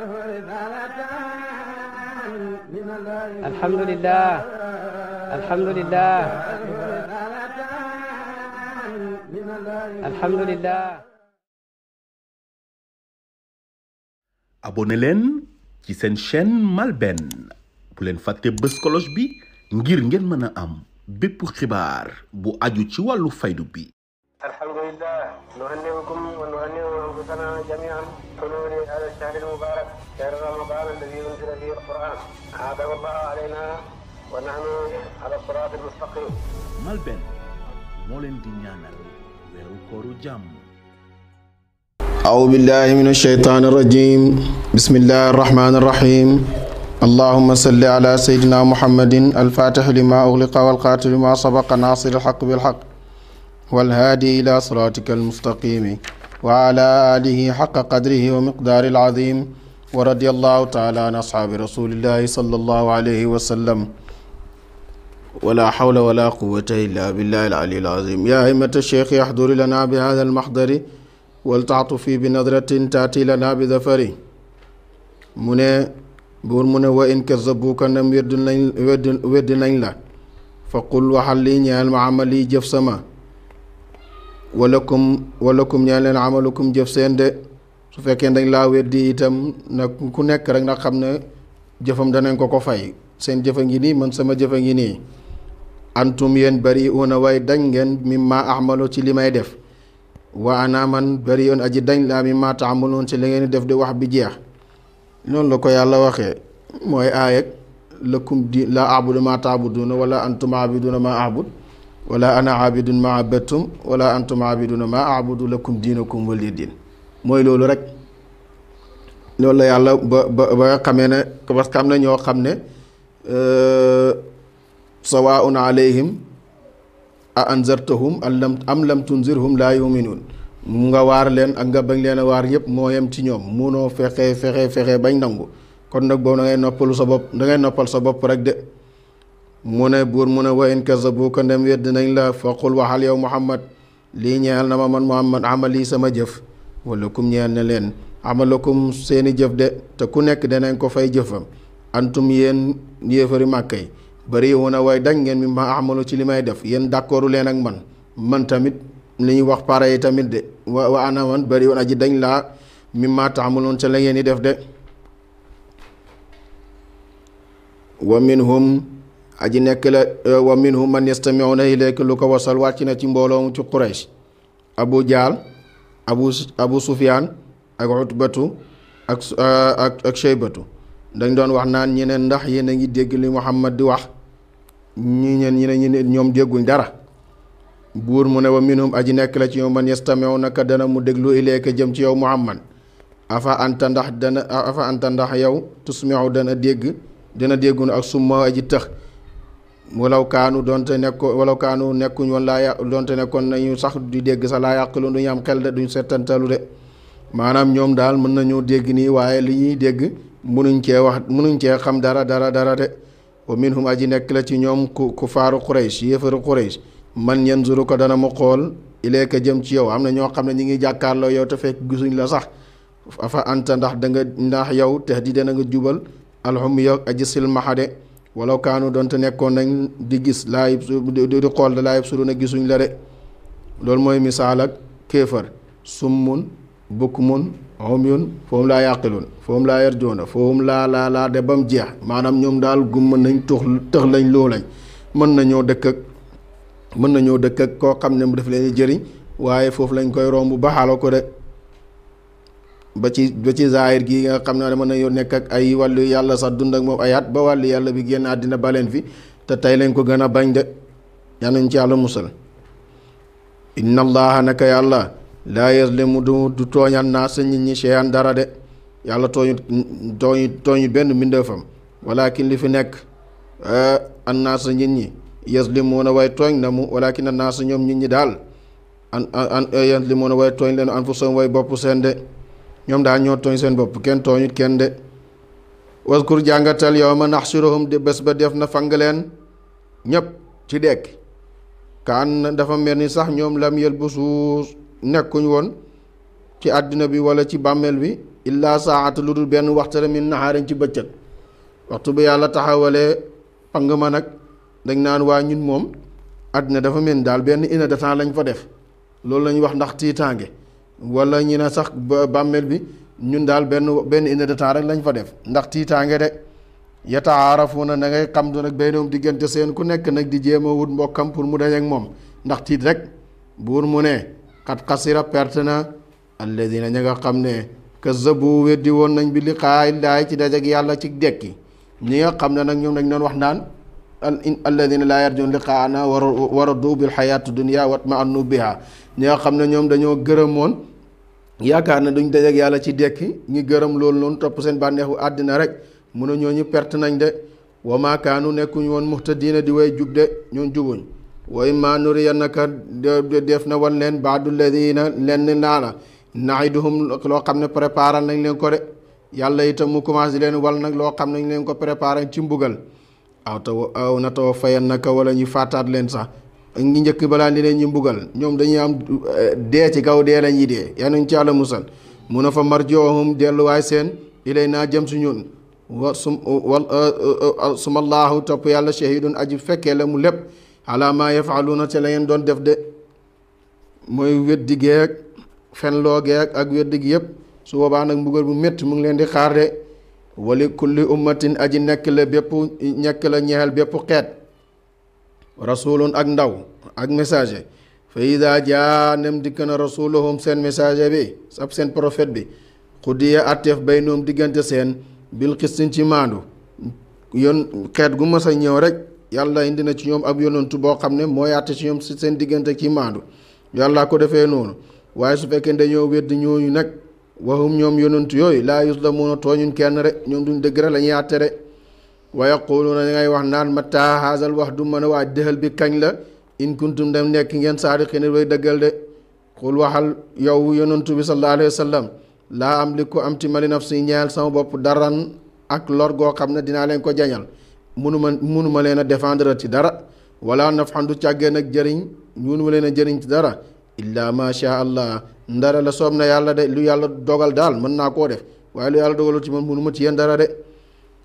alhamdulilah alhamdulilah alhamdulilah. abonné leen ci seen chaîne MALBN bu leen fàtte bës cloche bi ngir ngen mën a am bépp xibaar bu aju ci wàllu faydu bi. alhamdulilah. nuhanni'ukum wa nuhanni'u anfusana jami'an. xuduuri haaza ash-shahri al-mubaarak. شهر رمضان الذي انزل فيه القران هذا الله علينا ونحن على الصراط المستقيم Malben moo leen di ñaanal weeru kooru jàmm أعوذ بالله من الشيطان الرجيم بسم الله الرحمن الرحيم اللهم صل على سيدنا محمد الفاتح لما أغلق والقاتل ما سبق ناصر الحق بالحق والهادي إلى صراطك المستقيم وعلى آله حق قدره ومقدار العظيم wa radiyallahu taala an ashaabi rasulillahi sallallahu alayhi wa sallam wala hawla wala quwwata illa billahi al-ali al-azim ya himmata sheikh yahduru lana bi hadha al-mahdari waltaatufi bi nadratin taati lana bi zafari mu ne buur mu ne wa in kazabuka nam weddi nañ wedd weddi nañ la fa qul waxal li ñeel ma amali jëf sama walakum walakum ñeel leen amalukum jëf seen de su fekkee dañ laa weddi itam nag ku nekk rek nag xam ne jëfam danañ ko ko fay seen jëfa ngi nii man sama jëfa ngi nii antum yéen bari una way dañ ngeen mimma ahmalo ci li may def wa ana man bari un aji dañ laa mi ma taamaloon ci li ngeen def di wax bi jeex noonu la ko yàlla waxee mooy aayeg lakum di la abudu ma taabuduna wala antum abiduna ma abud wala ana abidun ma abadtum wala antum abiduna ma abudu diin mooy loolu rek loolu la yàlla ba ba ba nga xamee ne parce que am na ñoo xam ne euh, sawaun alayhim a anzartahum am lam am lam tunzirhum laa yuminuun mu nga waar leen ak nga bañ leen a waar yëpp moo yem ci ñoom munoo fexe fexe fexe bañ nangu kon nag boobu da ngay noppalu sa bopp da ngay noppal sa bopp rek de mu ne buur mu ne wa in kazabuuka ndem wedd nañ la foqul waxal yow muhammad lii ñeel na ma man muhammad amali sama jëf wala kum ñeel na leen amalakum seeni jëf de te ku nekk danañ ko fay jëfam antum yéen yéefari màkka yi bari woon a way dañ ngeen mi ma amalu ci li may def yéen d'accordu leen ak man man tamit li ñu wax pare yi tamit de wa wa ana aji dañ laa mi ma taamaloon la ngeen di def de wa minhum aji nekk la e, wa minhum man yastamiuna lu ko wasal wàcc na ci mbooloo mu ci Quraysh Abu Jaal abu abu sufiyaan ak utbatu ak eh, ak ak shaybatu dañ doon wax naan ñeneen ndax yéen a ngi dégg li muhammad di wax ñi ñeen ñi ne ñi ne ñoom dégguñ dara buur mu ne wa minhum aji nekk la ci yow man yestamew naka dana mu déglu ilayka jëm ci yow muhammad afa anta ndax dana afa anta ndax yow tusmew dana dégg dana déggu ak summa aji tëx walaw kaanu donte nekko walaw kaanu nekkuñ woon laa yàq donte nekkoon nañu sax di dégg sax laa yàqaloon duñu am xel de duñu settantalu de maanaam ñoom daal mën nañoo dégg nii waaye li ñuy dégg munuñ cee wax munuñ cee xam dara dara dara de wa minhum aji nekk la ci ñoom ku ku faaru Quraysh yéefaru Quraysh man yanzuru ko dana mu xool ileeka jëm ci yow am na ñoo xam ne ñu ngi jàkkaarloo yow te fekk gisuñ la sax afa anta ndax danga nga ndax yow te di dana nga jubal alxum yow aji silmaxa de walaw kaanu donte nekkoon nañ di gis laayib laay di xool da laayib suru na gisuñ la de loolu mooy misaal ak kéefar summun bukmun umyun foofu laa yàqilun foofu laa yarjoona foofu laa laa laa de bam jeex maanaam ñoom daal gumma nañ tux tëx lañ loo lañ mën nañoo dëkk ak mën nañoo dëkk ak koo xam ne mu def leen jëriñ waaye foofu lañ koy romb baxaala ko de ba ci ba ci zaahir gi nga xam ne mën nañoo nekk ak ay wàllu yàlla sax dund ak moom ay at ba wàllu yàlla bi génn àddina baleen fi te tey lañ ko gën a bañ de yal nañ ci yàlla musal inna allaha naka yàlla laa yazlimu du du tooñal naa sa nit ñi cheyan dara de yàlla tooñu tooñu tooñu benn mbindeefam li fi nekk eh, an naa sa nit ñi yazlimuuna way tooñ na mu walakin an naa sa ñoom nit ñi daal an an eh, yazlimuuna way tooñ leen anfusahum way bopp seen de ñoom daal ñoo tooñ seen bopp kenn it kenn de waskur jàngatal yow ma naxsuruhum di bés ba def na fang leen ñëpp ci dekk na dafa mel ni sax ñoom lam yelbusu nekkuñ woon ci àddina bi wala ci bàmmeel bi illaa saata lu dul benn waxtara min naxaarin ci bëccëg waxtu bi yàlla taxawalee pang ma nag dañ naan waa ñun moom àddina dafa mel ni daal benn une de temps lañ fa def loolu lañ wax ndax tiitaange wala ñu ne sax bàmmeel bi ñun daal benn benn une de rek lañ fa def ndax tiitaange de yataarafuna na ngay xam du nag baynahum diggante seen ku nekk nag di jéem a mbokkam pour mu daje moom ndax tiit rek buur mu ne xat xasira perte na alladina ña nga xam ne kazzabu weddi woon nañ bi liqaay laay ci daje yàlla ci dekki ñi nga xam ne nag ñoom dañ doon wax naan alladina laa yarjun liqaana war waradu xayaatu xayaati dunia ma am nu ñi nga xam ne ñoom dañoo gërëmoon yaakaar na duñ dajeek yàlla ci dekki ñi gërëm loolu noonu topp seen bànneexu àddina rek mu ne ñooñu perte nañ de wa maa kaanu nekkuñ woon muhtadiina di way jub de ñoon jubuñ wa immaa nuriyannaka def na wan leen baadu ladina lenn naana naiduhum loo xam ne préparal nañ leen ko de yàlla itam mu commencé leen wal nag loo xam ne nañ leen ko préparal ci mbugal aw taw aw na taw fayannaka wala ñu fàttaat leen sax ak ñi njëkk balaa ni leen ñu mbugal ñoom dañuy am eh, dee ci kaw dee la ñuy dee yal nañ ci yàlla musal mun a fa marjoohum delluwaay seen ilay naa jëm si ñun wa su wa eh, eh, sumallaahu topp yàlla shahidun aji fekkee la mu lépp ala maa yafaaluuna ca la ngeen doon def de mooy weddi geeg fenloo geeg ak weddi gi yëpp su boobaa nag mbugal bu metti mu ngi leen di xaar de wali kulli ummatin aji nekk la bépp nekk la ñeexal bépp xeet rasulun ak ndaw ak messager fa ida jaa nem dikk na rasuluhum seen messager bi sab seen profet bi xuddiya atteef bay noom diggante seen bil xistin ci maandu yoon xeet gu mas a ñëw rek yàlla indi na ci ñoom ab yonantu boo xam ne mooy àtte ci ñoom seen diggante ci maandu yàlla ko defee noonu waaye su fekkee dañoo wedd ñooñu nag waxum ñoom yonantu yooyu laa yus la mun a tooñuñ kenn rek ñoom duñ dëgg rek la ñuy àtte rek wa yaquluuna da ngay wax naan mataa haazal wax du mën a waaj dëxal bi kañ la in kuntum dem nekk ngeen saadiqiin way dëggal de xul waxal yow yonantu bi sallallahu alayhi laa am li ko am ti mali si ñeel sama bopp daran ak lor goo xam ne dinaa leen ko jañal munuma munuma leen a défendre ci dara wala nafxan du càggeen ak jëriñ munuma leen a jëriñ ci dara illaa ma sha allah ndara la soob na yàlla de lu yàlla dogal daal mën naa koo def waaye lu yàlla dogalu ci man munuma ci yéen dara de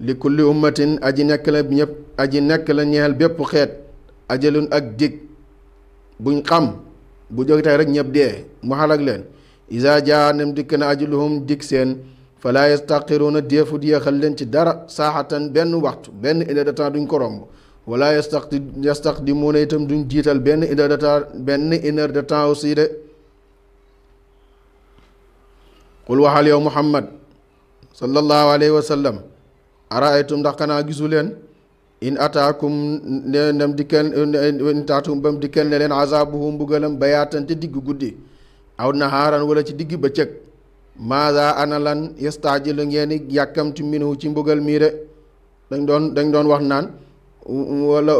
li kulli ummatin aji nekk la ñëpp aji nekk la ñeel bépp xeet ajalun ak dig buñ xam bu jóg tey rek ñëpp dee mu xalag leen isa jaa nem dikk na ajaluhum dig seen fala yastaqiruuna déefu yéexal leen ci dara saaxatan benn waxtu benn ida de temps duñ ko romb wala yastaq yastaqdimuuna itam duñ jiital benn ida de temps benn une heure de temps aussi de muhammad sallallahu alayhi wa araaytum ndax xanaa gisu leen in ataakum ne ndem dikkal in taatum bam dikkal ne leen azaabuhu mbugalam bayaatan te digg guddi aw naharan wala ci digg bëccëg maasa ana lan yastaajilu ngeen yàkkamti minu ci mbugal mii de dañ doon dañ doon wax naan wala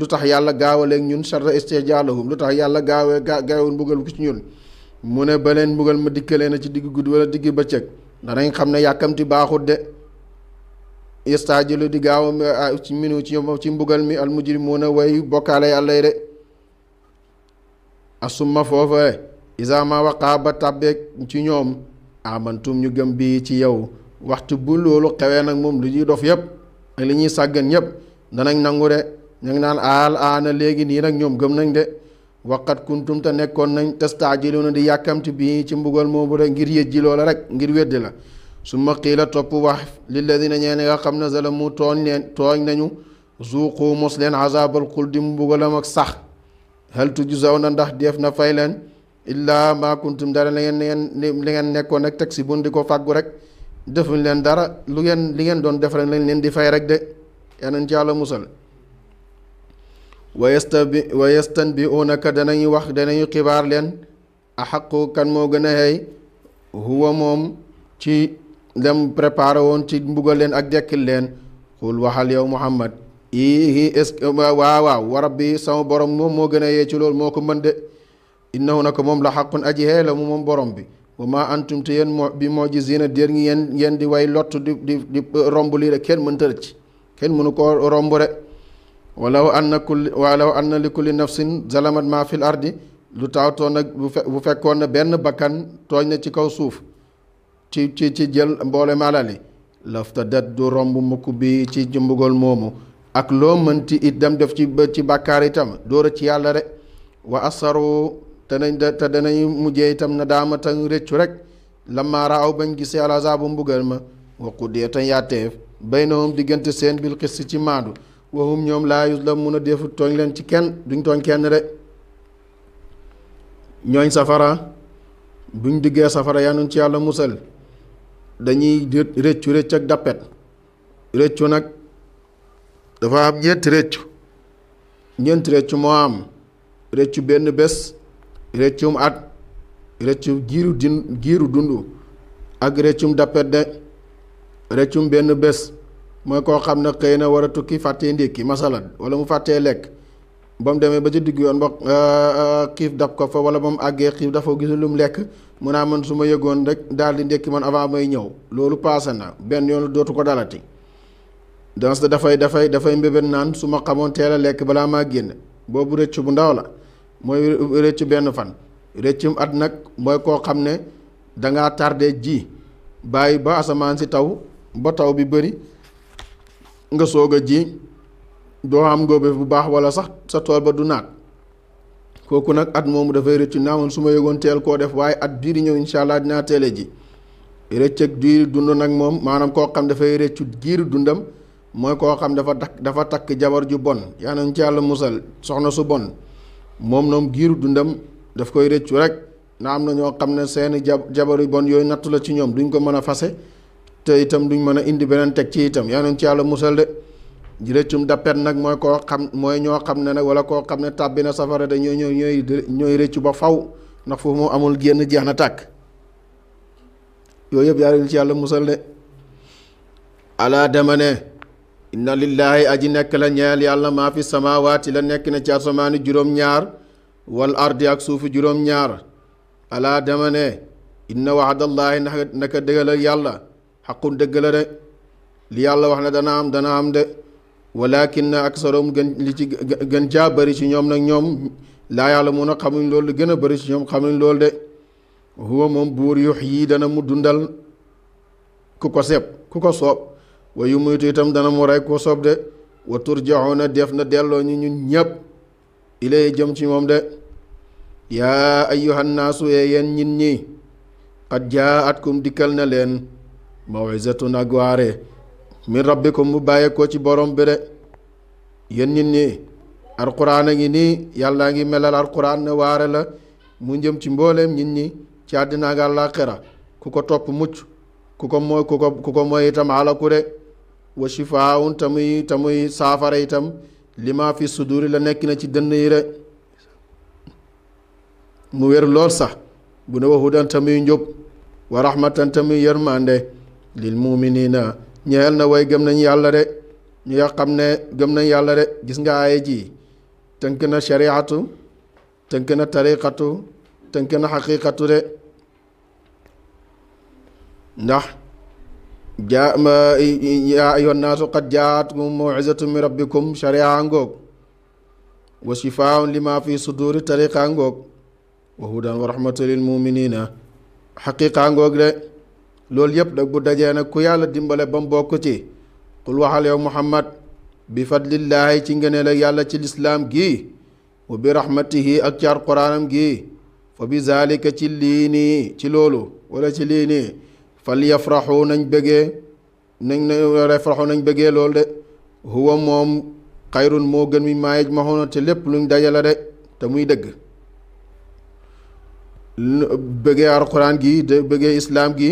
lu tax yàlla gaawaleeg ñun sarra istijaalahum lu tax yàlla gaawee gaawul mbugal ko ci ñun mu ne ba leen mbugal ma dikkalee na ci digg guddi wala digg bëccëg danañ xam ne yàkkamti baaxut de yastaajilu di gaaw ah, ci minu ci ci mbugal mi al mujrimuuna way bokkaale yàlla yi de asumma foofa isa ma waqaa ba tàbbeek ci ñoom amantum ñu gëm bii ci yow waxtu bu loolu xewee nag moom lu ñuy dof yëpp ak li ñuy sàggan yëpp danañ nangu de ñu ngi naan aal aana léegi nii nag ñoom gëm nañ de waqat kuntum te nekkoon nañ tastaajilu na di yàkkamti bii ci mbugal moomu de ngir yëj ji loola rek ngir wedd la su summa qiila topp wax lilladina ñee ne nga xam ne zalamu tooñ leen tooñ nañu zuuqu mos leen azaabal xuldi mbugalam ak sax hal tujzaw na ndax def na fay leen illaa maa kuntum dara li ngeen li ngeen nekkoon ak teg si bun di ko rek defuñ leen dara lu ngeen li ngeen doon def rek leen di fay rek de yanañ ci yàlla musal bi wayastanbi'unaka danañu wax danañu xibaar leen axaqu kan moo gën a xëy huwa moom ci dem préparé woon ci mbugal leen ak dekkil leen xul waxal yow muhammad est-ce que waaw waaw wa sama borom moom moo gën a yee ci loolu moo ko mën de innahu na ko moom la xaqun aji xee la moom borom bi wa maa antum te yéen moo bi mu'jiziina déer ngi yéen ngeen di way lott di di di romb lii rek kenn mënta kenn mënu koo romb rek walaw anna kulli walaw anna li kulli nafsin zalamat maa fil ardi lu taawtoon nag bu fekkoon na benn bakkan tooñ na ci kaw suuf ci ci ci jël mboolem alali laftadat du romb mukk bi ci mbugal moomu ak loo mënti dam def ci bë ci bàkkaar itam dóora ci yàlla rek wa asaru te nañ te itam na daama tan rëccu rek lamma raaw bañ gisee alazabu mbugal ma wa quddee tan yàtteef baynahum diggante seen bil xis ci maadu wahum ñoom la laa a defu tooñ leen ci kenn duñ tooñ kenn de ñooñ safara buñ diggee safara yanuñ ci yàlla musal dañuy rëccu rëcc ak dappet rëccu nag dafa am ñeenti rëccu ñeenti rëccu moo am rëccu benn bés rëccum at rëccu giiru din giiru dund ak rëccum dappet de rëccum benn bés mooy koo xam ne xëy na war a tukki fàttee ndékki masalan wala mu fàtte lekk ba mu demee ba ci digg yoon ba euh, euh, xiif dab ko fa wala ba mu àggee xiif dafa gisul lu mu lekk mu naa man su ma yëgoon rek daal di ndekki man avant may ñëw loolu paase na benn yoon dootu ko dalati dans dafay dafay dafay mbébét naan su ma xamoon teel a lekk balaa maa génn boobu rëcc bu ndaw la mooy rëcc benn fan rëccum at nag mooy koo xam ne dangaa tardé ji bàyyi ba asamaan si taw ba taw bi bëri nga soog a ji doo am ngóobeef bu baax wala sax sa tool ba du naat kooku nag at moomu dafay rëccu naa woon su ma yëgoon teel koo def waaye at bii di ñëw incha dinaa teele ji rëcc ak diir dund nag moom maanaam koo xam dafay rëccu giiru dundam mooy koo xam dafa takk dafa takk jabar ju bon yaa nañ ci yàlla musal soxna su bon moom noom giiru dundam daf koy rëccu rek na am na ñoo xam ne seeni jabar yu bon yooyu nattu la ci ñoom duñ ko mën a fase te itam duñ mën a indi beneen teg ci itam yaa nañ ci yàlla musal de rëccum dappet nag mooy koo xam mooy ñoo xam ne nag wala koo xam ne tàbbi na safara de ñooy ñooy ñooy rëccu ba faw ndax foofu moom amul génn jeex na tàkk yooyu yëpp yàlla ci yàlla musal de alaa dama ne inna lillaahi nekk la ñeel yàlla maa fi samaawaati la nekk na ci asamaani juróom-ñaar wal ardi ak suufi juróom-ñaar alaa dama ne inna waxdallaahi naka dëggalal yàlla xaqun dëgg la de li yàlla wax ne dana am dana am de walakin aksarum gën li ci gën caa bëri ci ñoom nag ñoom laa yàlla mun a xamuñ loolu lu gën a bëri ci ñoom xamuñ loolu de huwa moom buur yux yii dana mu dundal ku ko seeb ku ko soob wa yu muytu itam dana mu rey ko soob de wa turjaxoona def na delloo ñu ñun ñëpp ilay jëm ci moom de yaa ayyuhan naasu ee yéen ñin ñi xat jaa atkum dikkal na leen mawizatun ak waare min ko mu bàyyeekoo ci borom bi de yéen nit ñi alquran a ngi nii yàlla ngi melal alquran ne waare la mu jëm ci mbooleem nit ñi ci àddina ak àllaaxira ku ko topp mucc ku ko mooy ku ko ku ko mooy itam alaku de wa shifaaun tamuy tamuy saafara itam lima fi suduri la nekk na ci dënn yi de mu wér lool sax bu ne wa hudan tamuy njub wa rahmatan tamuy yërmande lil muminina ñeel na way gëm nañ yàlla de ñi nga xam ne gëm nañ yàlla de gis nga aaye ji tënk na shariatu tënk na tariqatu tënk na xaqiqatu de ndax jaa yaa ayyuhan naasu qad jaatkum mawizatun min rabbikum sharia ngoog wa shifaaun lima fi suduri tariqa ngoog wa hudan wa rahmatu lil xaqiqa ngoog de loolu yëpp nag bu dajee nag ku yàlla dimbale ba bokk ci xul waxal yow muhammad bi fadlillaahi ci ngëneel ak yàlla ci lislaam gi wa bi rahmatihi ak ci alquraanam gii fa bi ci lii nii ci loolu wala ci lii nii fal nañ bëggee nañ na nañ bëggee lool de huwa moom xayrun moo gën mi maayaj maxoona te lépp luñ dajale de te muy dëgg bëggee alquraan gi de bëggee islaam gi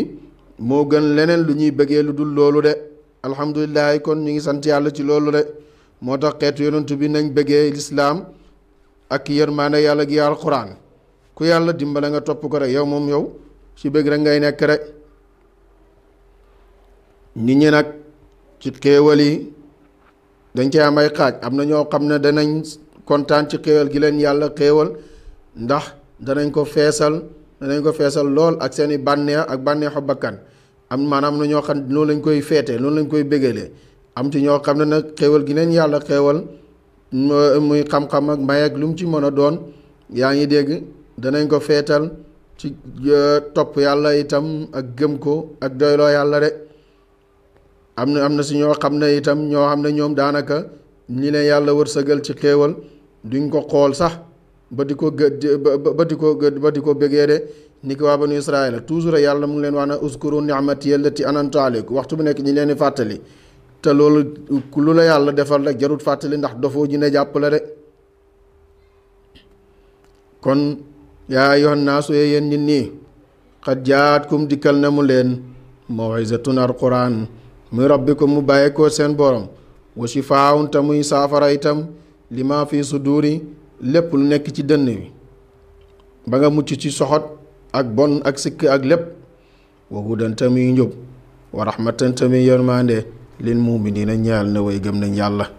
moo gën leneen lu ñuy bëggee lu dul loolu de alhamdulilah kon ñu ngi sant yàlla ci loolu de moo tax xeetu yonent bi nañ bëggee lislaam ak yërmaande yàlla gi alquran ku yàlla dimbale nga topp ko rek yow moom yow ci bëgg rek ngay nekk rek nit ñi nag ci xéewal yi dañ ci am ay xaaj am na ñoo xam ne danañ kontaan ci xéewal gi leen yàlla xéewal ndax danañ ko feesal danañ ko feesal lool ak seen i bànneex ak bànneexu bakkan am maanaam na ñoo xam noonu lañ koy feete noonu lañ koy bégalee am ci ñoo xam ne nag xéewal gi leen yàlla xéewal muy xam-xam ak may ak lu mu ci mën a doon yaa ngi dégg danañ ko feetal ci e, topp yàlla itam ak gëm ko ak doyloo yàlla rek am na am na si ñoo xam ne itam ñoo xam ne ñoom daanaka ñi leen yàlla wërsëgal ci xéewal duñ ko xool sax ba di ko gë ba di ko ba di ko bëggee de ni ki waa banu israila toujours yàlla mu ngi leen wax ne uskuru ni'mati ti an'amtu alaykum waxtu bu nekk ñi leen di fàttali te loolu lu la yàlla defal la jarut fàttali ndax dofoo ji ne jàpp la de kon yaa naa naasu yéen nit ñi qad jaatkum dikkal na mu leen maw'izatun alquran muy ko mu bàyyeekoo seen borom wa shifaa'un muy saafara itam lima fi suduri lépp lu nekk ci dënn wi ba nga mucc ci soxot ak bon ak sikk ak lépp wa hudan tamiy njub wa rahmatan tamiy yërmande lil muminina ñaal na way gëm nañ yàlla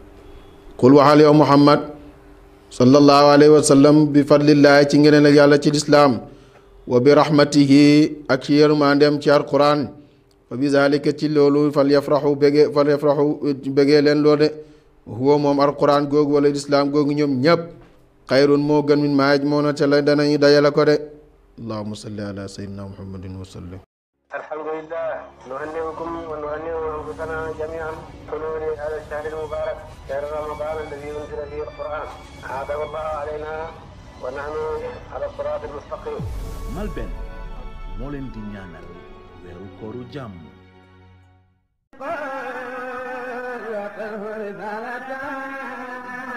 kul waxal yow muhammad sallallahu alayhi wa sallam bi fadlillahi ci ngeneen yàlla ci lislaam wa bi rahmatihi ak ci yërmandeem ci alquran fa bi zalika ci loolu fal yafraxu bégee fal yafraxu bégee leen loo de moom alquran googu wala lislaam googu ñoom ñëpp xayrun moo gën min maaj moo na ca la danañu dajale ko de allahuma salli ala sayyidina muhammadin wa sallim alhamdulillah nuhanniukum wa nuhanniu anfusana jamian xululi hada alshahr almubarak shahr ramadan alladi unzila fihi alquran aadama allah alayna wa nahnu ala sirat almustaqim Malben moo leen di ñaanal weeru kooru jàmm